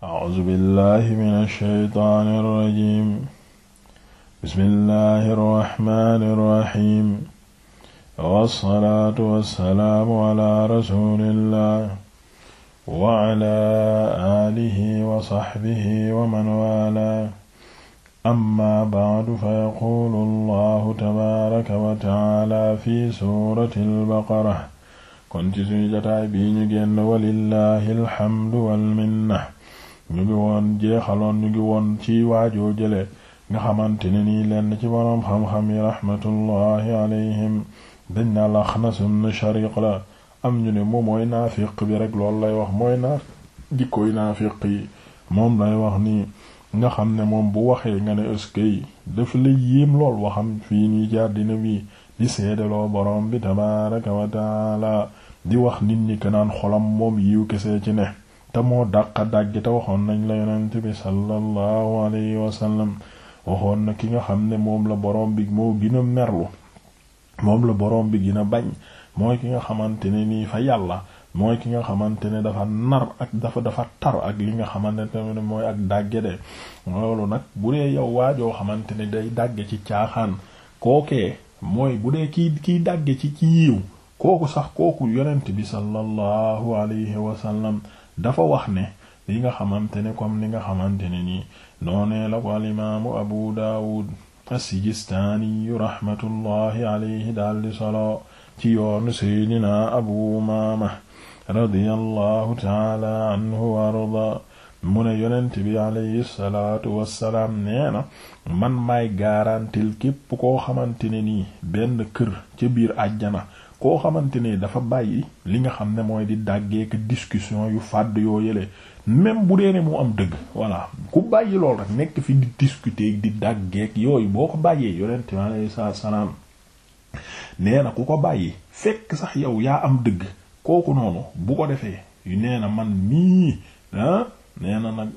A'uuzu billahi mina shaytaani rajiim. Bismillahi rahmaani rahiim. Wassalaatu wassalaamu ala rasuulillah. Wa ala aalihi wa sahbihi wa man waalaahu. Amma ba'du fayaquulu Allahu tabaaraka wa ta'aala fi suuratil baqara. Kon ci suñu jotaay bi ñu génn walillahi alhamdu wal minna. ñu ngi woon jeexaloon ñu ngi woon ci waajoo jële nga xamante ne nii lenn ci boroom xam-xam yi rahmatullahi alayhim dañ na Laxnas ibn Shariq la am ñu ne moom mooy naafiq bi rek loolu lay wax mooy naa jikkoy naafiq yi moom lay wax nii nga xam ne moom bu waxee nga ne ëskey dafa la yéem lool waxam fii nii jaar di na wi di seedaloo boroom bi tabaaraka wa taala di wax nit ñi kanaan xolam moom yiw kese ci ne te moo dàqa dàggi te waxoon nañ la yonent bi sallallahu alayhi wasallam waxoon na ki nga xam ne moom la borom bi moo gën a merlu moom la borom bi gën a bañ mooy ki nga xamante ne nii fa yàlla mooy ki nga xamante ne dafa nar ak dafa dafa tar ak li nga xamante ne mooy ak dàgge de loolu nag bu dee yow waajoo xamante ne day dàgge ci caaxaan kookee mooy bu dee kiy kiy dàgge ci ci yiw kooku sax kooku yonent bi sallallahu alayhi wasallam dafa wax ne li nga xamante ne comme ni nga xamante ne nii noonee la ko alimaamu abu daawud as-sijistaani rahmatullahi alayhi daldi solo ci yoonu seydina abu umaama radiyallahu taala anhu arda mu ne yonent bi alayhi salaatu wassalaam nee na man maay garantil képp koo xamante ne nii benn kër ca biir àjjana koo xamante ne dafa bàyyi li nga xam ne mooy di dàggeek discussion yu fàdd yoo yële même bu dee ne mu am dëgg voilà ku bàyyi lool rek nekk fi di discuter di dàggeek yooyu boo ko bàyyee yonent mi alayhi salaam ku ko bàyyi fekk sax yow yaa am dëgg kooku noonu bu ko defee yu nee na man nii ah nee na nag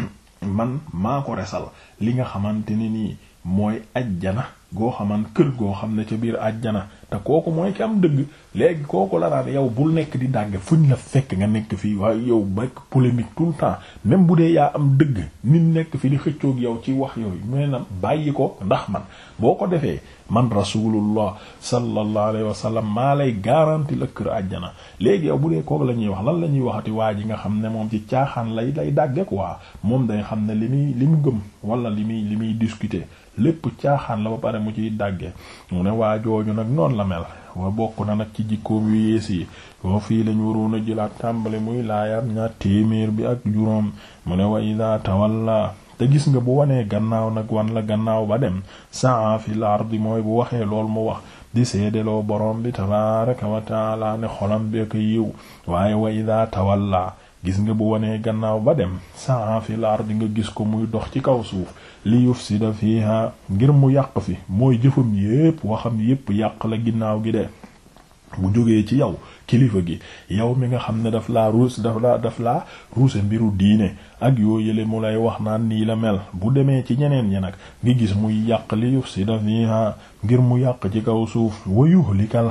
man maa ko resal li nga xamante ne nii mooy ajjana goo xaman kër goo xam ne ca biir àjjana te kooku mooy ka am dëgg léegi kooku la naan yow bul nekk di dàgge fuñ la fekk nga nekk fii waaye yow bekk polémique tout le temps même bu dee yaa am dëgg nit nekk fi di xëccoog yow ci wax yooyu yu ne na bàyyi ko ndax man boo ko defee man rasulullah sallallahu alayhi wa sallam maa lay garanti la kër àjjana léegi yow bu dee kooku la ñuy wax lan la ñuy waxati waa ji nga xam ne moom ci caaxaan lay lay dàgge waa moom day xam ne li muy li mu wala li muy li muy discuter mu ciy dàgge mu ne waa jooju nag noonu la mel wa bokk na nag ci jikkoom yu yées yi yoo fii lañ waroon a jëlaat tàmbali muy laayaat ñaar téeméer bi ak juróom mu ne wa ida tawalla te gis nga bu wanee gannaaw nag wan la gannaaw ba dem saa fi bi mooy bu waxee lool mu wax di seedeloo boroom bi tabaraka wa taala ne xolam bi ak yiw waaye wa ida tawalla gis nga bu wanee gannaaw ba dem saa fi laar di nga gis ko muy dox ci kaw suuf li yufsida fiha ngir mu yàq fi mooy jëfam yépp waxam yépp yàq la ginnaaw gi de bu jógee ci yow kilifa gi yow mi nga xam ne daf la ruus daf la daf la ruuse mbiru diine ak yoo yële mu lay wax naan nii la mel bu demee ci ñeneen ñi nag ngi gis muy yàq li yufsida fiha ngir mu yàq ci kaw suuf wa yuhlikal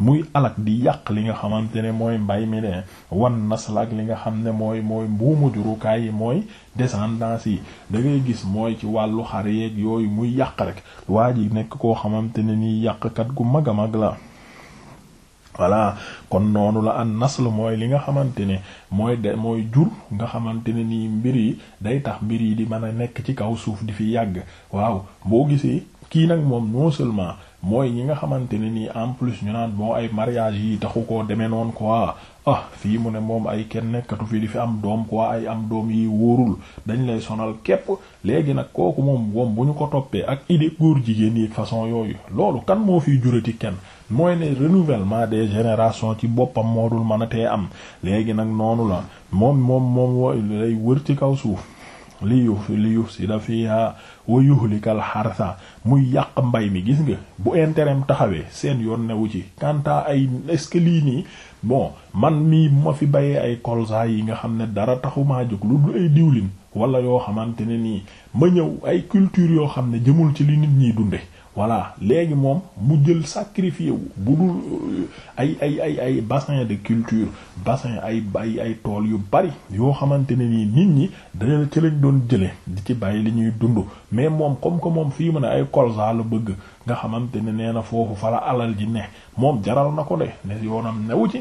muy alak di yàq li nga xamante ne mooy mbay mi de wan la ak li nga xam ne mooy mooy mbuumu jurukaay yi mooy descendance yi da ngay gis mooy ci wàllu xar yeeg yooyu muy yàq rek waa ji nekk koo xamante ne nii yàqkat gu mag a mag la voilà kon noonu la an nasl mooy li nga xamante ne mooy de mooy jur nga xamante ne nii mbir yi day tax mbir yi di mën a nekk ci kaw suuf di fi yàgg waaw boo gisee kii nag moom non seulement mooy ñi nga xamante ne nii en plus ñu naan bon ay mariage yi taxu ko demee noonu quoi ah fii mu ne moom ay kenn nekkatu fi di fi am doom quoi ay am doom yi wóorul dañ lay sonal képp léegi nag kooku moom bu ñu ko toppee ak idée góor jigéen yi façon yooyu loolu kan moo fiy jurati kenn mooy ne renouvellement des génération ci boppam moo dul mën a tee am léegi nag noonu la moom moom moom lay wër ci kaw suuf li yuf li yuf si da fiha wa yuhlikal xarsa muy yàq mbay mi gis nga bu intérim taxawee seen yoon newu ci kanta ay est-ce que lii nii bon man mii ma fi bayee ay colza yi nga xam ne dara taxumaa jóg lu du ay diwlin wala yoo xamante ne nii ma ñëw ay culture yoo xam ne jëmul ci li nit ñiy dunde voilà léegi moom mu jël sacrifié wu bu dul euh, ay ay ay ay bassin de culture bassin ay ay ay tool yu bari yoo xamante ne nii nit ñi dañu ci lañ doon jële di ci bàyyi li ñuy dund mais moom comme que moom fii mu ne ay colza la bëgg nga xamante ne nee na foofu fala alal ji ne moom jaral na ko de ne yoonam newu ci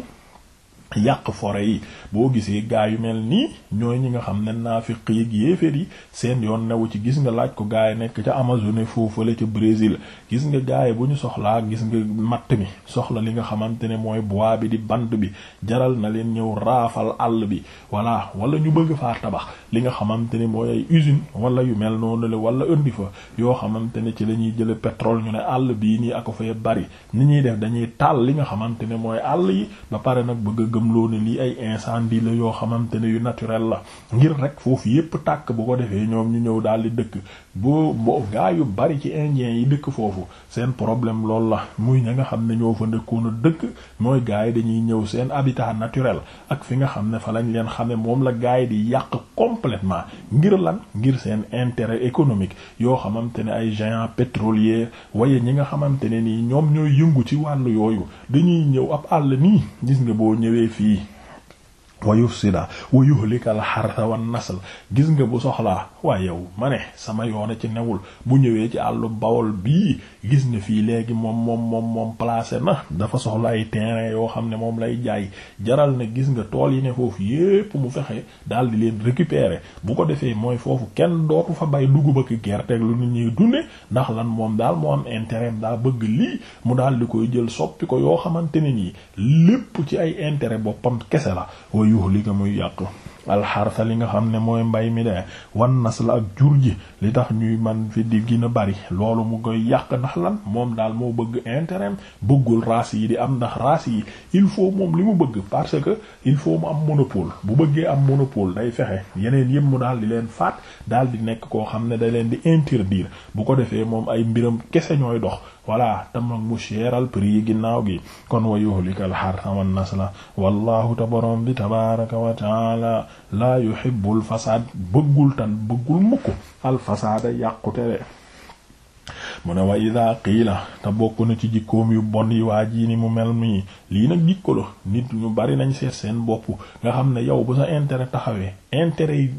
yàq fore yi boo gisee gaa yu mel nii ñooy ñi nga xam ne naafiq yi yéeféer yi seen yoon newu ci gis nga laaj ko gaa yi nekk ca Amazonie foofale ca Brésil gis nga gaa yi bu ñu soxlaa gis nga matt mi soxla li nga xamante ne mooy bois bi di bant bi jaral na leen ñëw raafal àll bi voilà wala ñu bëgg faa tabax li nga xamante ne mooy usine wala yu mel noonu la wala indi fa yoo xamante ne ci la ñuy jële pétrole ñu ne àll bii nii ako fee bari ni ñuy def dañuy taal li nga xamante ne mooy àll yi ba pare nag bëgg gëmloo ne lii ay incendie la yoo xamante ne yu naturel la ngir rek foofu yépp tàkk bu ko defee ñoom ñu ñëw daal di dëkk boo boo gaa yu bari ci indien yi dëkk foofu seen problème lool la muy ña nga xam ne ñoo fa ndëkkoon a dëkk mooy gaa yi dañuy ñëw seen habitat naturel ak fi nga xam ne fa lañ leen xamee moom la gaa yi di yàq complètement ngir lan ngir seen intérêt économique yoo xamante ne ay géants pétroliers waaye ñi nga xamante ne nii ñoom ñooy yëngu ci wàllu yooyu dañuy ñëw ab àll nii gis nga boo ñëwee jële fii wa yufsida wa yuhlikal harsa wan nasl gis nga bu soxlaa waaye yow ma ne sama yoon ci newul bu ñëwee ci àllu bawol bii gis na fii léegi moom moom moom moom placé na dafa soxla ay terrain yoo xam ne moom lay jaay jaral na gis nga tool yi ne foofu yépp mu fexe daal di leen récupérer bu ko defee mooy foofu kenn dootu fa bay dugub ak gerte lu nit ñuy dune ndax lan moom daal moo am intérêt daa bëgg lii mu daal di koy jël soppi ko yoo xamante ne nii lépp ci ay intérêt boppam kese la wa yuux li nga muy yàq alxarsa li nga xam ne mooy mbay mi de wan nas la ak jur ji li tax ñuy man fi di gën a bari loolu mu koy yàq ndax lan moom daal moo bëgg intérêt bëggul race yi di am ndax race yi il faut moom li mu bëgg parce que il faut mu am monopole bu bëggee am monopole day fexe yeneen yëpp mu daal di leen faat daal di nekk koo xam ne day leen di interdire bu ko defee moom ay mbiram kese ñooy dox voilà tamag mu seeral prix yi ginnaaw gi kon wa yuhlikal harsa wan nasla wallahu te borom bi tabaraka wa taala laa yuhibbul fasad bëggul tan bëggul mukk al fasada yàqute mu ne waa ida qiila te bokk na ci jikkoom yu bon yi waa jii ni mu mel mii lii nag jikko nit ñu bari nañ seet seen bopp nga xam ne yow bu sa intérêt taxawee intérêt yi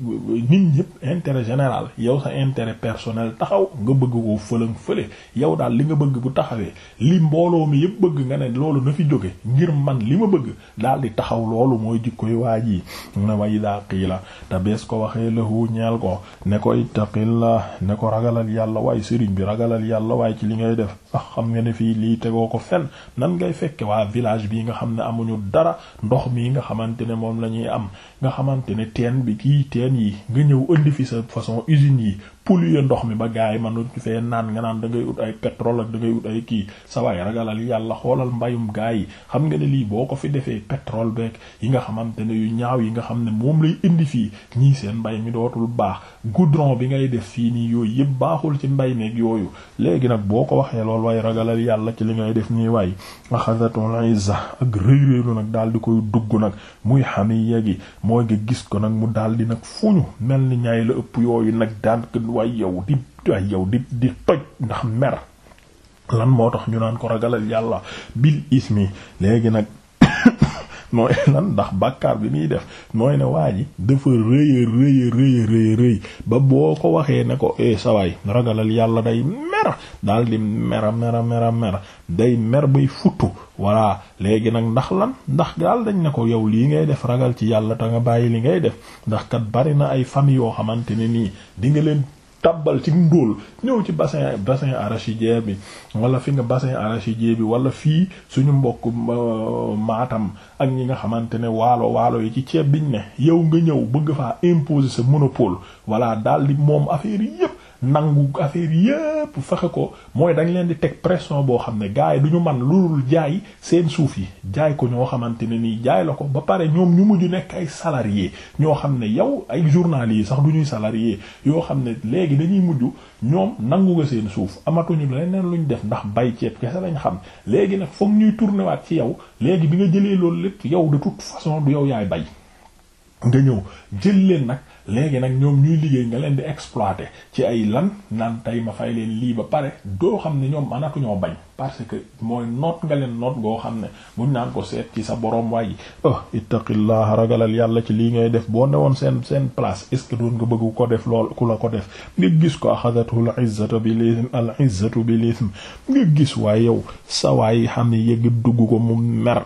nit ñëpp intérêt général yow sa intérêt personnel taxaw nga bëgg ko fëlan fële yow daal li nga bëgg bu taxawee li mbooloo mi yëpp bëgg nga ne loolu na fi jóge ngir man li ma bëgg daal di taxaw loolu mooy jikko yu waa jii mu ne wa ida qiila te bees ko waxee lahu ñeel ko ne ko ittaqillah ne ko ragalal yàlla waaye sëriñ bi ragal ragalal yàlla waaye ci li ngay def ndax xam nga ne fii lii tegoo ko fen nan ngay fekke waa village bii nga xam ne amuñu dara ndox mii nga xamante ne moom la ñuy am nga xamante ne teen bi kii teen yi nga ñëw indi fi sa façon usine yi polluer ndox mi ba gars yi fee naan nga naan da ngay ut ay pétrole ak da ngay ut ay kii sa waay ragalal yàlla xoolal mbayum gars yi xam nga ne lii boo ko fi defee pétrole beeg yi nga xamante ne yu ñaaw yi nga xam ne moom lay indi fii ñii seen mbay mi dootul baax goudron bi ngay def fii nii yooyu yëpp baaxul ci mbay meeg yooyu léegi nag boo ko waxee loolu waaye ragalal yàlla ci li ngay def nii waay axadatul izza ak rëy rëylu nag daal di koy dugg nag muy xamiya gi mooy nga ko nag mu waay yow di waay yow di di toj ndax mer lan moo tax ñu naan ko ragalal yàlla bil mi léegi nag mooy lan ndax bàkkaar bi muy def mooy ne waa ji dafa rëy a rëy rëy ba boo ko waxee ne ko e eh, sawaay ragalal yàlla day mer daal di mera mer mer day mer bay futtu voilà léegi nag ndax lan ndax daal dañ ne ko yow lii ngay def ragal ci yàlla te nga bàyyi li ngay def ndax kat bari na ay famille yoo xamante nii di leen tabbal ci ndóol ñëw ci bassin bassin arachidier bi wala fi nga bassin arachidier bi wala fii suñu mbokk maatam ak ñi nga xamante ne waalo waalo yi ci ceeb biñ ne yow nga ñëw bëgg faa imposer sa monopole voilà daal di moom affaire yépp nangu affaire yépp fexe ko mooy dañ leen di teg pression boo xam ne gars yi du ñu man lulul jaay seen suuf yi jaay ko ñoo xamante ne nii jaay la ko ba pare ñoom ñu mujj nekk ay salarié ñoo xam ne yow ay journal yi sax du ñuy salarié yoo xam ne léegi dañuy mujj ñoom nangu nga seen suuf amatuñu leneen luñ def ndax bay ceeb kese lañ xam léegi nag foog ñuy tourner waat ci yow léegi bi nga jëlee loolu lépp yow de toute façon du yow yaay bay nga ñëw jël leen nag léegi nag ñoom ñuy liggéey nga leen di exploiter ci ay lan naan tey ma fay leen lii ba pare doo xam ne ñoom manatu ñoo bañ parce que mooy noot nga leen noot goo xam ne buñ naan ko seet ci sa borom waaye ah oh, ittaqillah ragalal yàlla ci lii ngay def boo newoon seen seen place est-ce que doon nga bëggu ko def lool ku la ko def nga gis ko axadatu al izzatu bil ithm al izzatu bil ithm nga gis waaye yow sa waay xam ne yëgg dugg ko mu mer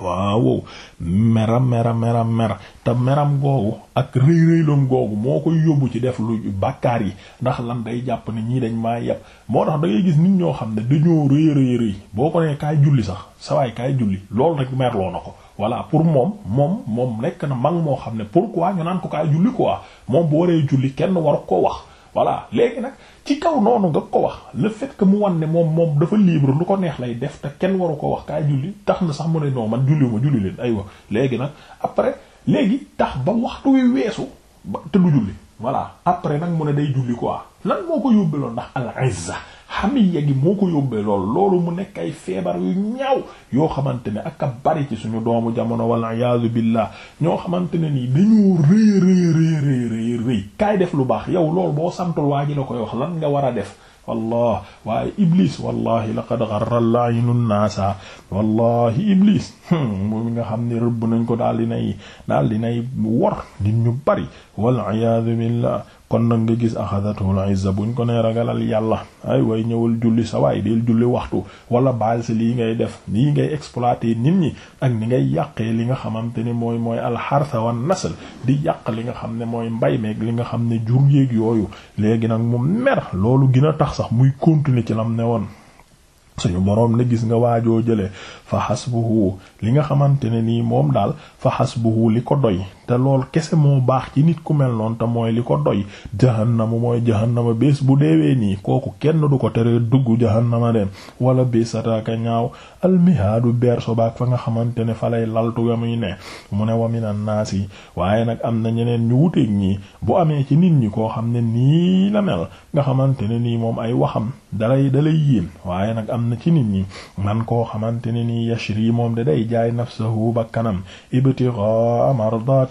waaw meram meram meram mer te meram googu ak rëy rëyloom googu moo koy yóbbu ci def lu bàkkaar yi ndax lan day jàpp ne ñii dañ maa yeb moo tax da gis nit ñoo xam ne dañoo rëy rëy rëy boo ko nee kaay julli sax sawaay kaay julli loolu rek merloo na ko voilà pour moom moom moom nekk na mag moo xam ne pour waa ñu naan ko kaay julli quoi moom bu waree julli kenn waru ko wax voilà léegi nag ci kaw noonu nga ko wax le fait que mu wan ne moom moom dafa libre lu ko neex lay def te kenn waru ko wax kaa julli tax na sax mu ne non man julliwuma julli leen aywa léegi nag après léegi tax ba waxtu wi weesu ba te du julli voilà après nag mu ne day julli quoi lan moo ko yóbbeeloon ndax al xam gi moo ko yóbbee lool loolu mu nekk ay feebar yu ñaaw yoo xamante ne ak a bari ci suñu doomu jamono wala iyaazu billah ñoo xamante ne nii dañoo ñu rëy rëy rëy rëy kaay def lu baax yow loolu boo santul waa ji la koy wax lan nga war a def wallah waaye iblis wallahi laqad gharra la'inu nnaasa wallahi iblis hmm, moom mi nga xam ne rëbb nañ ko daal di nay daal di nay wor di ñu bari wal iyaazu billah kon nag nga gis axadatul izza buñ ko nee ragalal yàlla ay way ñëwal julli sa waay deel julli waxtu wala baal si lii ngay def lii ngay exploité nit ñi ak ni ngay yàqee li nga xamante ne mooy mooy alxarsa wan nasl di yàq li nga xam ne mooy mbay meeg li nga xam ne jur yéeg yooyu léegi nag mu mer loolu gën a tax sax muy continuer ci lam ne woon suñu boroom ne gis nga waajoo jëlee fa xasbuhu li nga xamante ne nii moom daal fa xasbuhu li ko doy te lool kese moo baax ci nit ku mel noonu te mooy li ko doy jahannama mooy jahannama bés bu deewee nii kooku kenn du ko tere dugg jahannama den wala bés ka ñaaw almihaadu berso baak fa nga xamante ne falay laltu ga muy ne mu ne waminan naas yi waaye nag am na ñeneen ñu wuteeg ñii bu amee ci nit ñi koo xam ne nii la mel nga xamante ne nii moom ay waxam dalay dalay yéem waaye nag am na ci nit ñi man koo xamante ne nii yi moom de day jaay nafsahu bakkanam ibtigha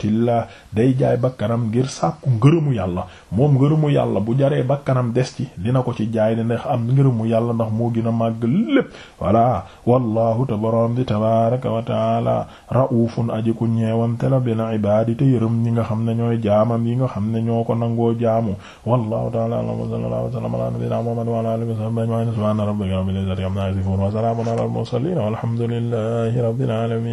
mardillah day jaay bakkanam ngir sàkku ngërëmu yàlla moom ngërëmu yàlla bu jaree bakkanam des ci dina ko ci jaay ne ndax am ngërëmu yàlla ndax moo gën a màgg lépp voilà wallahu te boroom di tabaraka wa taala raufun aji ku ñeewante la bil ibaadi te yërëm ñi nga xam ne ñooy jaamam yi nga xam ne ñoo ko nangoo jaamu wallahu taala alam wa sallallahu wa sallam ala nabiyina muhammad wa ala alihi wa sahbihi ajma'in subhana rabbika rabbil izzati amma yasifun wa salamun ala al mursalin walhamdulillahi rabbil alamin